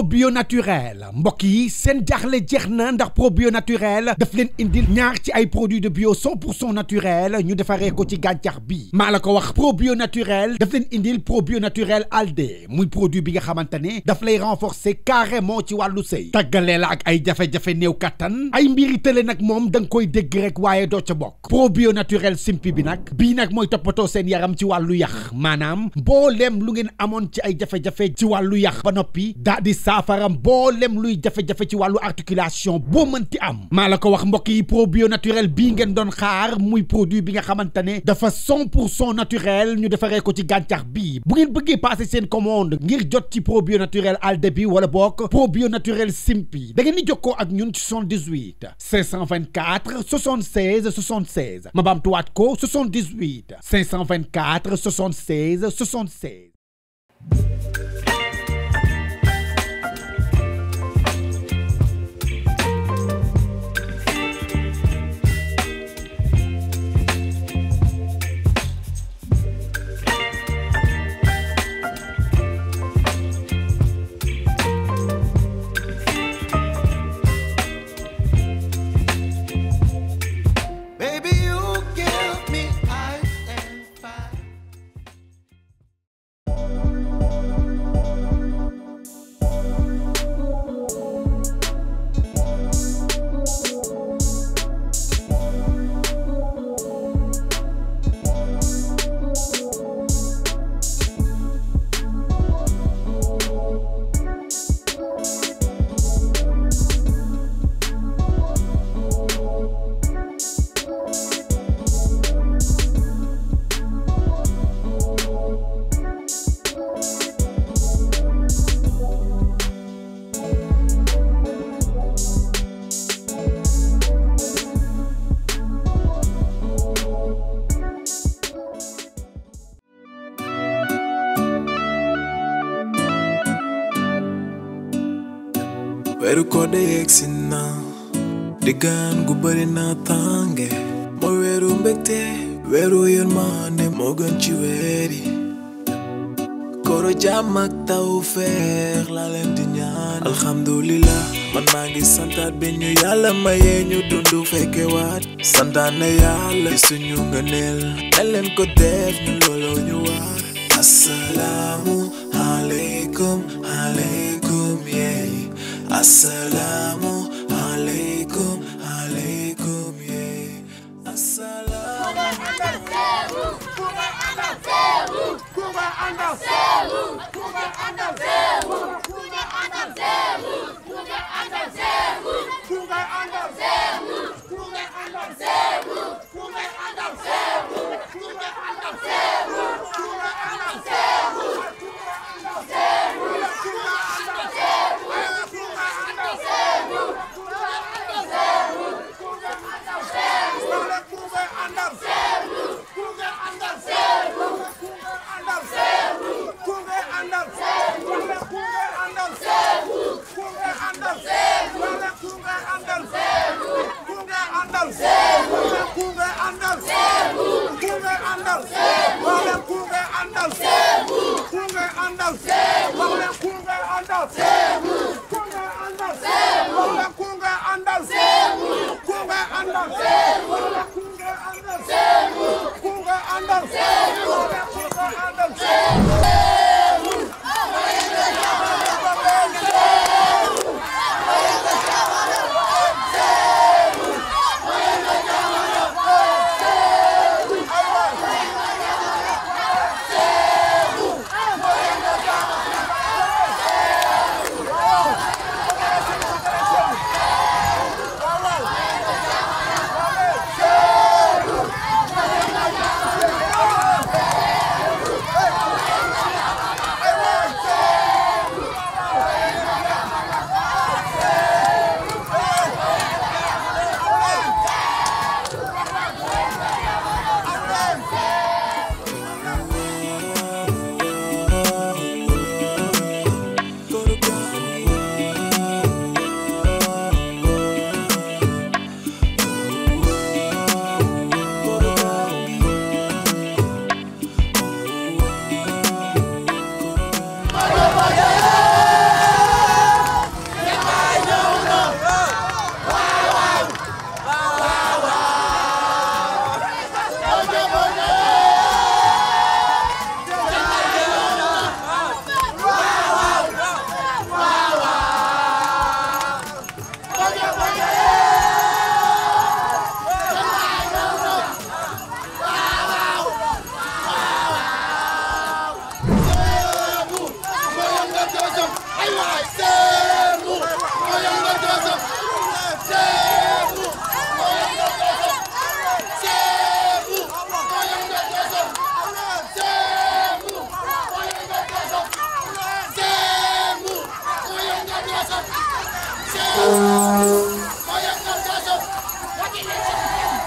bio naturel mbokk yi seen jaaxle jeex ndax probio naturel daf leen indil ñaar ci ay produits de bio 100 naturel ñu defaree ko ci gàncax bi maa wax probio naturel daf leen indil probio naturel alde muy produit bi nga xamante ne daf lay renforcer carrément ci wàllu sëy tàggalee la ak ay jafe-jafe néew kattan ay mbiri tële nag moom da nga koy dégg rek ca probio naturel simpi bi nag bii nag mooy toppatoo seen yaram ci wàllu yax maanaam mbooleem lu ngeen amoon ci ay jafe saafara mboolem luy jafé jafé ci walu articulation boo mënti am malako wax mbok yi probio naturel bi ngeen don xaar muy produit bi nga xamantane dafa 100 naturel ñu defaree ko ci gàncax bi bu ngeen bëggé passer seen commande ngir jot ci probio naturel al bi wala bokk probio naturel simpi da ngeen di jokkoo ak ñun ci 78 524 76 76 ma baamtuwaat ko 78 524 76 76 weeru kode de yegsi na mau gaan gu bëri naa mau mooy weeru ci koro jamak ak taw feex Alhamdulillah, leen di ñaan alhamdulilah man maa ngi santaat bi ñu yàlla mayee ñu dund fekke waat na suñu Elen ko def ñu lolo ñu Assalamu Assalamu alaikum. Go!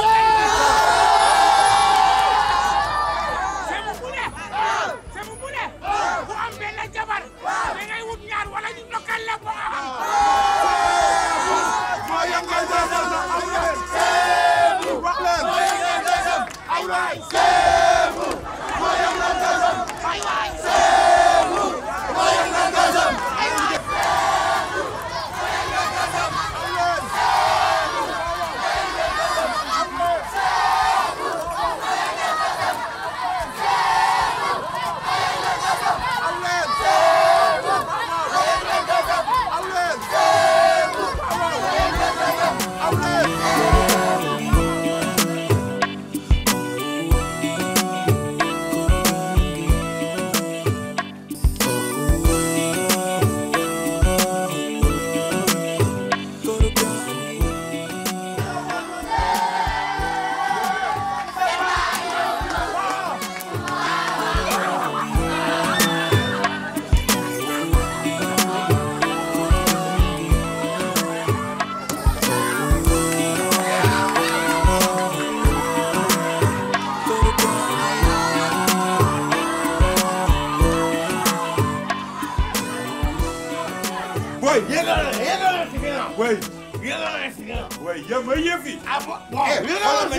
Yeah!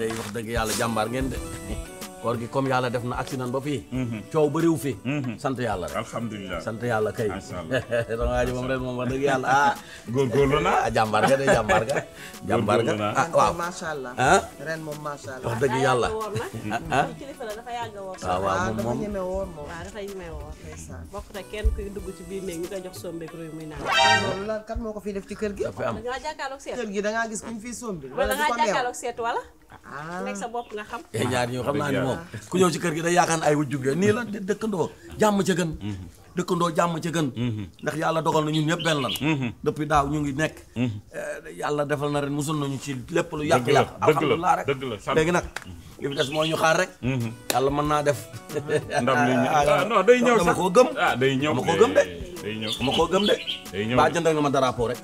day wax deug yalla jambar ngeen de koor gi comme yalla def na accident ba mhm. fi ciow coow bëriw fi sant yalla rek alhamdullilah sant yalla kay dangaa nga di mom rek mom deug yalla ah góorgóorlu na ah, jambar ga de jambar ga jambar ga ah waaw sha allah ah ren mom ma sha allah wax dëgg yàlla ah, ah? kilifa la dafa yàgg a woor waaw ah, waaw moom moom ñeme wor moom waaw dafa ñeme woor bokk na kenn kuy dugg ci biir néeg ñu koy jox sombe sombeeg royu muy naan lolu la kat moko fi def ci kër gi da nga jakkalok set seet kër gi nga gis kuñ fi sombe wala da nga jakkalok set wala Ah. nekk sa bopp nga xam. Eh, ñaar ñoo xam naa ne moom ku ñëw ci kër gi day yaakaar ay wujjug la nii la dëkkandoo jàmm ca gën. Mm-hmm. dëkkandoo jàmm ca mm-hmm. ndax yàlla dogal na ñun ñëpp benn lan. Mm-hmm. depuis daaw ñu ngi nekk. Eh, yàlla defal na ren musul nañu ci lépp lu yàq yàq. alhamdulilah rek léegi nag. li fi moo ñu xaar rek. yàlla mën naa def. ndam li ah, ah, day ñëw sax koo gëm. Eh, day ñëw dama koo gëm de. day koo gëm de. day ñëw jëndal nga ma drapeau rek.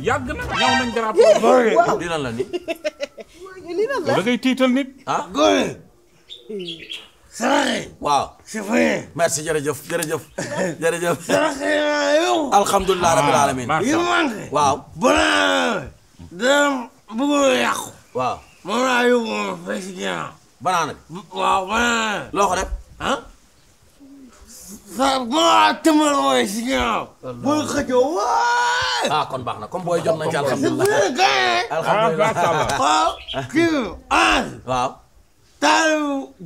yàgg na ñëw nañ drapeau. di lan la ni lii lan la da ngay tiital nit. ah góore. saraxe. waaw. chef. merci jërëjëf jërëjëf. jërëjëf. saraxe yow. alhamdulilah rabil ah. alamin. yi manqué. waaw. banaan. dana bëggoon yàqu. waaw. moom laa yóbbu ma fay si ginnaaw. banaan. waaw banaan. loo ko def. ah. sa ma tëmal si ginnaaw. booy xëjoo waay. ah kon baax na comme booy jot nañ ci ah,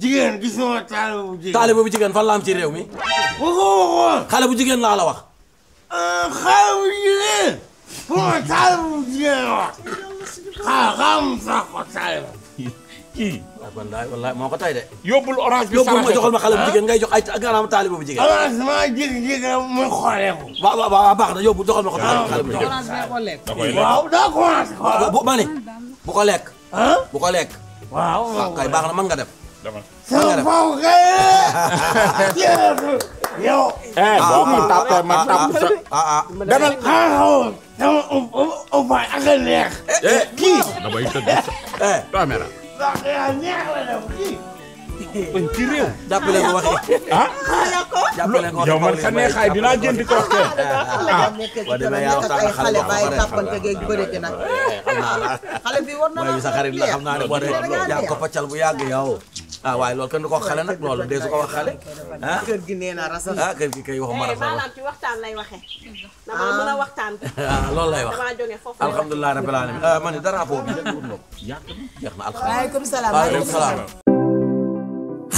jigéen gis nga ma bu jigéen. taalibu bu jigéen fan la am ci réew mi. waxoo xale bu jigéen laa la wax. Ah, xale bu jigéen. pour ma taalibu bu jigéen wax. ah xaaral ma sax ko taalibu. wallaay wallaay moo ko tay de. yóbbul orange bi saraxee yóbbul ma joxal ma xale bu jigéen ngay jox ay bu jigéen. orange maa jékki-jékki rek baax na yóbbul joxal ma ko. xale bu jigéen orange bee ko lekk. da koy bu ma ko lekk. bu ko lekk. waaw baax na mën nga def. dama sama faw kay. sa. ah ah demal xaaral a kii damay tëdd. bañ ci réew. jàppale ko waxee. ah jàppale ko waxee yow man xam ne xaay dinaa jënd ko waxee. ah waaw damay yaa waxtaan ak xale bàyyi tàppante geeg bëre gi nag. xale bi war na la xarit la xam naa ne boo dee yaa ko paccal bu yàgg yow. ah waaye lool kenn du ko wax xale nag loolu dee su ko ah? kër gi nee na ah, kër gi kay waxuma eh, rasal maanaam ci waxtaan lay waxee. dama ah. mën a waxtaan. loolu lay wax damaa jógee foofu. alhamdulilah rabbil alamin man dara foofu. jeex na alhamdulilah waaleykum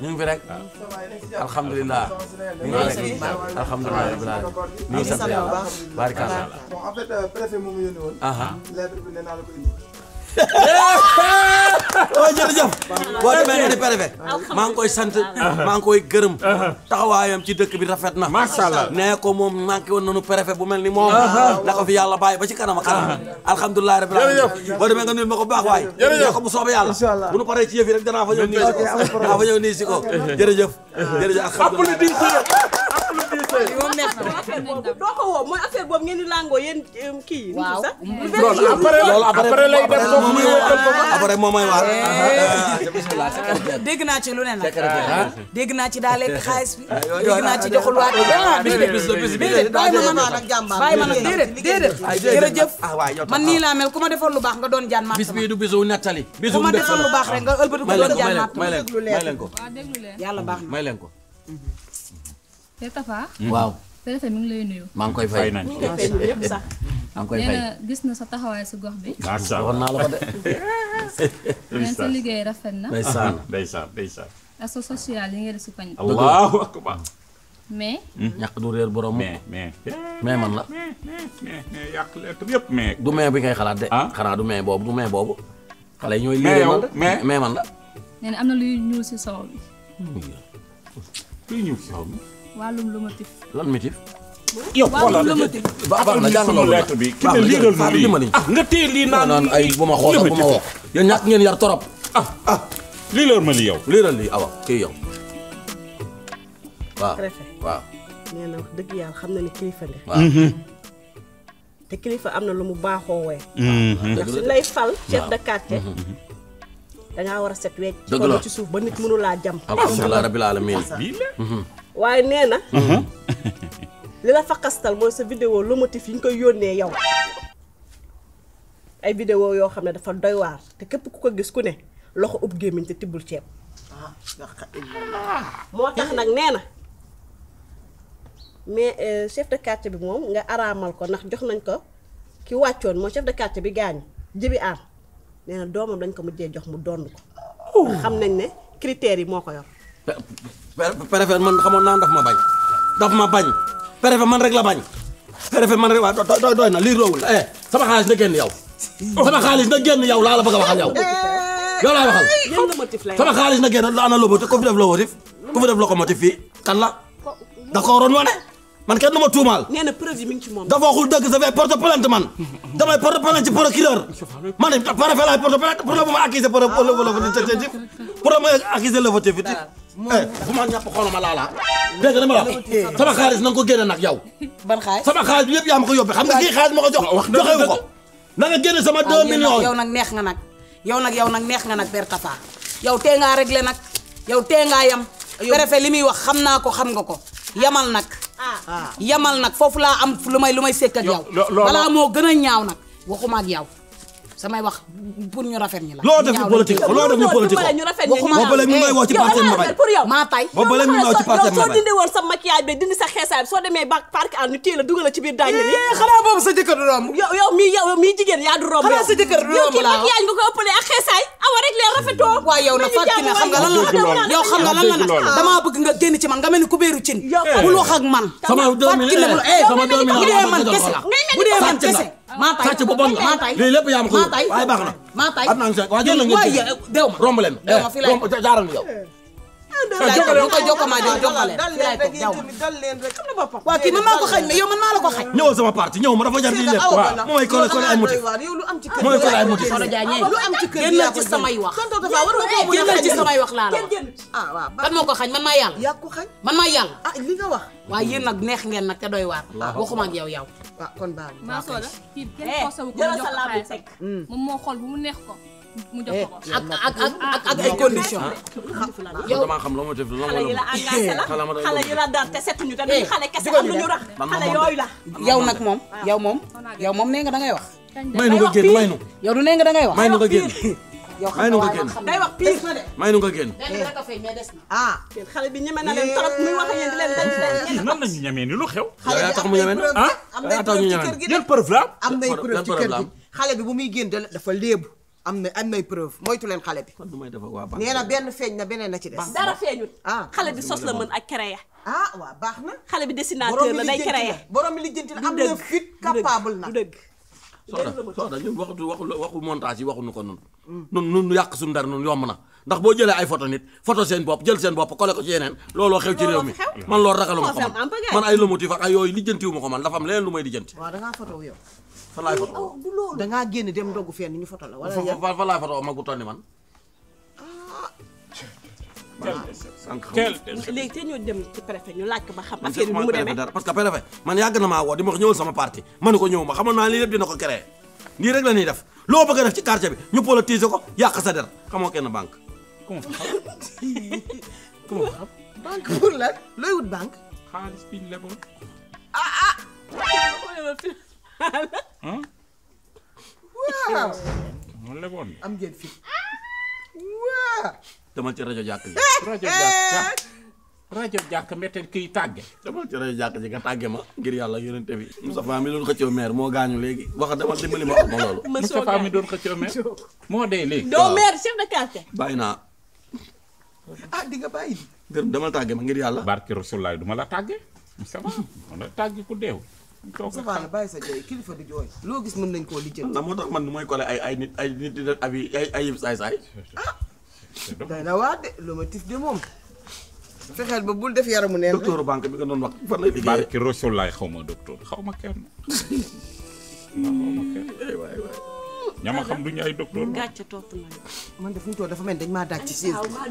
ñu ngi fi rek ñu ngi fi ñu ngi sant yàlla barikalla en fait euh, waaw oh, jërëjëf boo demee ne di préfet maa ngi koy sant maa ngi koy gërëm taxawaayam ci dëkk bi rafet na macha allah nee ko moom manqué woon nañu préfet bu mel ni moom da ko fi yàlla bàyyi ba ci kanam a kanam alhamdulilah rabbil alamin boo demee nga nuyul ma ko baax waay nee ko bu soobee yàlla bu nu paree ci yëf yi rek danaa fa ñëw nii si ko danaa fa ñëw nii si ko jërëjëf jërëjëf doo ko woo mooy affaire boobu ngeen di langoo yéen kii. waaw mm. loolu après loolu après lay def ko muy wëkkal ko après moom mooy waar. Eh. Ah, ah, dégg naa ci lu ne nag. Ah, dégg naa ci daa lekk xaalis bi. dégg naa ci joxul waat. déedéet déedéet bàyyi ma man bàyyi ma nag déedéet déedéet. jërëjëf man nii laa mel ku ma defal lu baax nga doon jaan mat. bis bii du bisu nettali. bisu ku ma defal lu baax rek nga ëlbatiku doon jaan mat. may leen ko may leen ko yàlla baax na may leen ko. Mhm. te Tafa. Hmm. maa ngi koy fay nañ ko sax. maa ngi koy fay gis na sa taxawaay si gox bi. a naa la ko de. neen sa liggéey rafet na. ndeysaan ndeysaan ndeysaan. aso social yi ngeen si pañ. allahu akbar mais. Hmm? du réer borom. mais mais. mais man la. mais mais mais mais. du mais bi ngay xalaat de. Ah? xanaa du mais boobu du mais boobu. xale yi ñooy liggéey man de mais man la. nee na am na luy ñuul si soow walum lomotif lan motif yow wala ba ba na jang lool lettre bi ki ne li li ah nga té li naan ay buma buma wax ñak ngeen yar torop ah ah li leer ma li yow leeral li awa ki yow waaw waaw neena wax deug yalla xam ni kilifa nga mhm. te kilifa amna lu mu mhm. lay fal chef de quartier mhm. da ngaa war set wecc ci suuf ba nit mënu laa jam rabbil alamin waaye nee na. Mhm. li la faqastal mooy sa vidéo lomotif yi ñu koy yónnee yow. ay vidéo yoo xam ne dafa doywaar te képp ku ko gis ku ne loxo ub gémmiñ te tibbul ceeb. moo tax nag nee na mais euh, chef de quartier bi moom nga araamal ko ndax jox nañ ko ki wàccoon mooy chef de quartier bi gaañu jibi aan nee na doomam dañ ko mujjee jox mu donn ko. Oh. xam nañ ne critères yi moo ko yor. préfet man xamoon naa daf ma bañ daf ma bañ préfet man rek la bañ préfet man rek waa doy doy na lii roowul eh sama xaalis na génn yow sama xaalis na génn yow laa la bëgg a waxal yow yow laa waxal sama xaalis na génn ana lobotif ku fi def lobotif ku fi def locomotive fii kan la da ko waroon wane man kenn du ma tuumaal. nee na preuve yi mi ngi ci moom. dafa waxul dëgg dafay porte plainte man. damay porte plainte ci procureur. man de préfet laay porte plainte pour ma accuser pour ma accuser le voté fictif. Eh, bu ma ñàpp xoolama laala. dégg nga li ma la wax eh. sama xaalis na nga ko génne nag yow. ban xaalis sama xaalis bi yëpp yaa ma ko yóbbee xam nga kii xaalis ma ko jox. joxe wu ko na nga génne sama 2 millions. yow nag neex nga nag yow nag yow nag neex nga nag Bertafa yow tee ngaa réglé nag yow tee ngaa yam préfet li muy wax xam naa ko xam nga ko yamal nag Ah. yamal nag foofu laa am lu may lu may sekk ak moo gën a ñaaw nag waxuma ak yow samay wax pour ñu rafet ñi la. loo def ñu politique loo def ñu politique waxuma la ñu may wax ci parti Mbaye pour yow maa tay yow la ñu wax ci parti Mbaye soo dindi woon sa maquillage bi dindi sa xeesaay soo demee ba parc an ñu téye la dugal la ci biir daañu la nii. Eh, xanaa boobu sa jëkkër du romb. yow yow mii yow mii jigéen yaa du romb. xanaa sa jëkkër du romb la yow kii maquillage nga ko ëppalee ak xeesaay awa rek lee rafetoo. waaw yow na Fatou Kiné xam nga lan la yow xam nga lan la nag damaa bëgg nga génn ci man nga mel ni ku béeru cin bul wax ak man Fatou Kiné bu dee man kese bu dee man kese maa tay sàcc bu bon la lii lépp yaa ma ko waaye baax na. waa jël la nga eh, romb leen. Eh, yow Ah, ko jokko maa jox jokko leen dal leen rek xam na boppam waa kii man maa ko xañ mais yow man maa la ko xañ ñëw sama parti ñëw ma dafa jar di lekk kan moo ko xañ man maa yàlla man maa yàlla ah, waaye yéen nag neex ngeen nag te doy waar ah, waxuma ak yow eh, hmm. moom moo xool bu mu neex ko mu jox ko ak ak ak ak ay condition yow damaa xam la ma def la ma la xale yi la daan te setuñu te duñu xale kese am lu ñu rax xale yooyu la yow nag moom yow moom yow moom nee nga da ngay wax may nu ko génn may nu yow du nee nga da ngay wax may nu ko génn yow xam nga waaye xam day wax pire na de. may nu nga génn. ah. xale bi ñeme na leen trop muy wax ak yéen di leen nan la ñu ñemee ni lu xew. xale bi tax mu ñeme ah. am nañ preuve ci kër gi de yan preuve la am. am nañ preuve ci kër gi xale bi bu muy génn dafa léebu. am na am nay preuve moytu leen xale bi. kon may dafa waa banque na benn feeñ na beneen na ci des. dara feeñut. Ah. xale bi sos la mën ak créer. ah waaw baax na. xale bi dessinateur la day créer borom mi lijjanti la am na fit capable na du dëgg. soxna soxna ñun waxu waxu waxu montage yi waxuñu ko mm. nun nun nu yàq suñu dara nun yomb na ndax boo jëlee ay photo nit photo seen bopp jël seen bopp collé ko ci yeneen looloo xew ci réew mi man loolu ragaluma ko man man ay lomotif ak ay yooyu lijjantiwuma ko man dafa am leneen lu may lijjanti. waaw da ngaa photo yow fa laay oh, loolu dangaa génne dem dogg fenn ñu foto la. wala fa fa laay foto ma gu toll ni man. Ah. léegi te ñoo dem ci préfet ñu laaj ko ba xam affaire bi mu dara parce que préfet man yàgg na maa woo di ma wax ñëwal sama parti ma ne ko ñëw ma xamoon naa lii lépp dina ko créé nii rek la ñuy def loo bëgg a def ci quartier bi ñu politiser ko yàq sa der xamoo kenn banque comment xam comment xam banque pour lan looy wut banque waaw. mu leboon am ngeen fi. waaw. demal ci rajo jàkk ji. rajo jàkk rajo jàkk mbetteel kiy tàgge. demal nga tàgge ma ngir yàlla yonente bi. Moustapha mi doon xëccoo meer moo gaañu léegi wax demal dimbali ma wax ma loolu. Moustapha mi doon xëccoo meer moo dee léegi. doo meer chef de quartier. bàyyi naa. ah di nga bàyyi. gërëm demal tàgge ma ngir yàlla. barki Rasulaay du ma la tàgge. Moustapha ma la tàgge ku deew. toog sa la bàyyi sa jooy kilifa di jooy. loo gis mën nañ koo lijjanti. na moo tax man mooy collé ay ay nit ay nit di def abi ay ayib saay ah, na waa de ma tif de moom. ba bul def yaramu neen docteur banque bi nga doon wax fan lay liggéey. xaw ma docteur xaw ma kenn. Hmm, eh, xam duñu ay docteur la gàcce topp man de fu ñu dafa dañ maa daaj ci siis bi. maa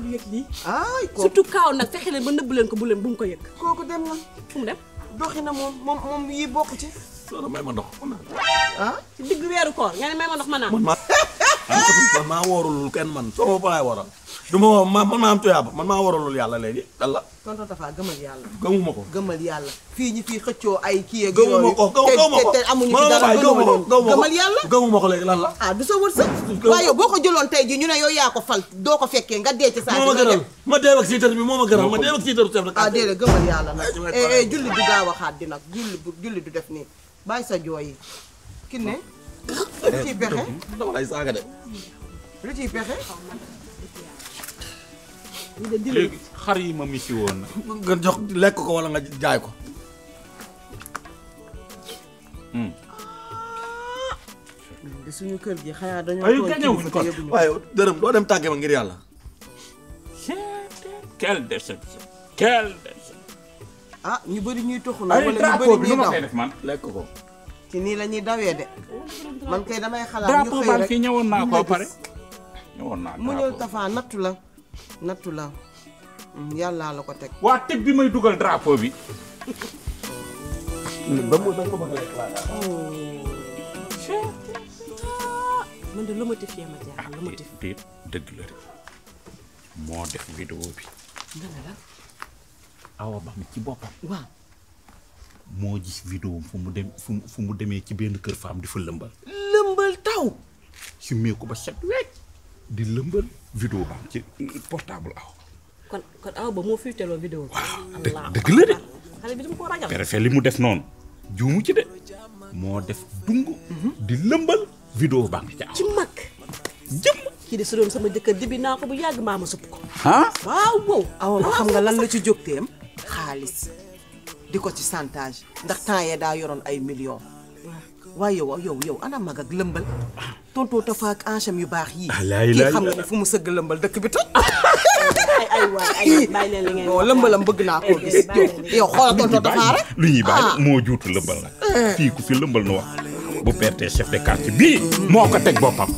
du leen ba nëbb ko bu leen bu mu ko yëg. kooku dem na fu dem. doxi na moom moom moom yi bokk ci. soxna may ma ndox ah. ci digg weeru koor nga ne may ma ndox ma naan. man woorul kenn man soo ma fa laay waral. du ma man maa am tuyaaba man maa waral loolu yàlla léegi lan la. tonton Tafa gëmal yàlla. gëmuma ko gëmal yàlla. fii ñi fii xëccoo ay kii yeeg. gëmuma ko gëmuma ko te te amuñu ci dara gëmuma ko gëmal yàlla. gëmuma ah, boo ko jëloon tey ji ne yow yaa ko fal doo ko fekkee nga dee ma gënal ma dee ak siitar bi moo ma ma dee ak siitar chef ah, nag. ah eh, déedéet eh, julli du xaat di nag julli julli du def nii bàyyi sa jooy yi ki ne lu ciy pexe lu ciy pexe Iya, hari xar yi ma misi woon nga jox lekk ko wala nga jaay ko suñu kër gi xanaa ay ko dem ma ngir déception ah ñu bëri ñuy toxu na wala ñu bëri ñuy daw man lekk ko ci nii la ñuy dawee man kay damay xalaat ñu rek fi ko mu nattu la mm, yàllaa la ko teg. waa teg bi may dugal drapeau bi. Oh. ma jaaxal lomotif. Ah, déet moo def vidéo bi. awa ba ci boppam. waaw. moo gis vidéo fu mu dem fu mu demee ci benn kër faam di fa lëmbal. lëmbal taw. su ko ba set wecc. di lëmbal vidéo ba ci portable aw. kon aw ba moo fiwteeloo vidéo. waaw dëgg la de. xale li mu def noonu. juumu ci de moo def dungu. Mhm. di lëmbal vidéo ba nga aw. ci mag jëm. kii de su doon sama jëkkër dibi naa ko bu yàgg maama supp ko. ah waaw wow. awoon xam nga lan la ci jógteem xaalis di ko ci chantage ndax temps yee daa yoroon ay millions. waaye yow yow yow ana mag ak lëmbal tontoo tafa ak enchaîne yu baax yii. Ah, kii xam nga ne fu mu sëgg lëmbal dëkk bi toj. ay ay waay ay bàyyi leen li ngeen wax lëmbalam bëgg naa koo gis. yow xoolal tontoo tafa rek. lu ñuy bàyyi ah. moo juutu lëmbal nag. fii eh. ku fi lëmbal nu wax bu perte chef de quartier bii. moo ko teg boppam.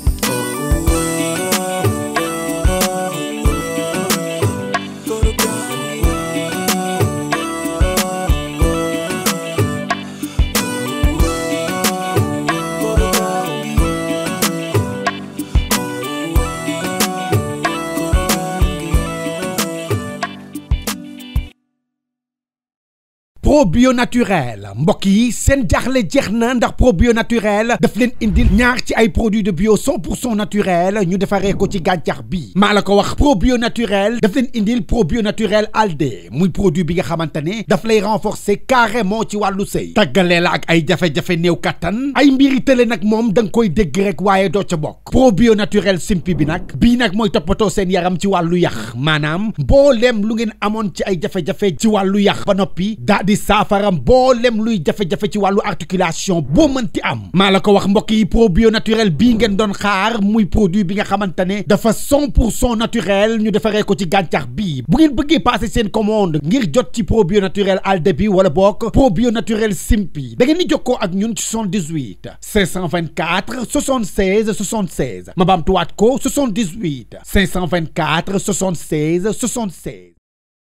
probio naturel mbokk yi seen jaaxle ndax probio naturel daf leen indil ñaar ci ay produits de bio 100 naturel ñu defaree ko ci gàncax bi mala ko wax probio naturel daf leen indil probio naturel alde muy produit bi nga de flé daf lay renforcer carrément ci walu sëy tagalé la ak ay jafé jafé new katan ay mbiri télé nak mom dang koy dégg rek wayé probio naturel simpi bi nak bi nak moy topato sen yaram ci walu yax maanaam mbooleem lu ngeen amone ci ay jafé jafé ci ba saafara mboolem luy jafé jafé ci walu articulation boo ti am maa ko wax mbokk yi probio naturel bi ngeen don xaar muy produit bi nga xamantane de dafa 100 pour naturel ñu defaree ko ci gàncax bi bu ngeen bëggé passer seen commande ngir jot ci probio naturel aldebi bi wala probio naturel simpi da ngeen di jokkoo ak ñun ci 78 524 76 76 ma baamtuwaat ko 78 524 76 76